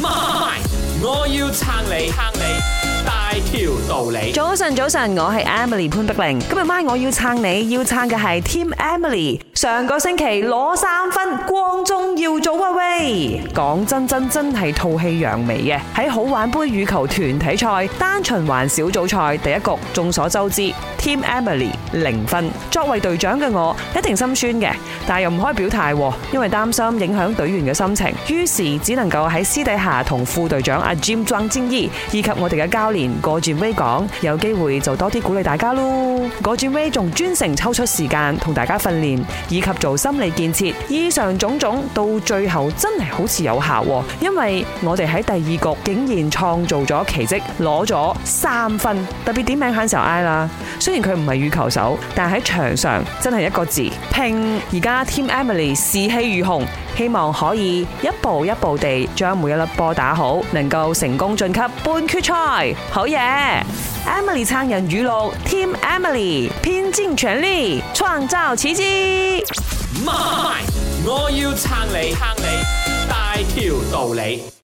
媽咪，我要撐你，撐你大條道理。早晨，早晨，我係 Emily 潘碧玲。今日晚我要撐你，要撐嘅係 Team Emily。上個星期攞三分，光宗耀祖。講、hey, 真真真係吐氣揚眉嘅喺好玩杯羽球團體賽單循環小組賽第一局，眾所周知，Team Emily 零分。作為隊長嘅我一定心酸嘅，但係又唔可以表態，因為擔心影響隊員嘅心情。於是只能夠喺私底下同副隊長阿 Jim 莊正義，以及我哋嘅教練 g e 威講，有機會就多啲鼓勵大家咯。g e 威仲專程抽出時間同大家訓練，以及做心理建設。以上種種到最後真。真係好似有效，因為我哋喺第二局竟然創造咗奇迹，攞咗三分。特別點名享受。I 啦，雖然佢唔係羽球手，但喺場上真係一個字拼。而家 Team Emily 士氣如虹，希望可以一步一步地將每一粒波打好，能夠成功晉級半決賽。好嘢，Emily 撐人語錄，Team Emily 拼盡全力創造奇迹。我要撐你，撐你。條道理。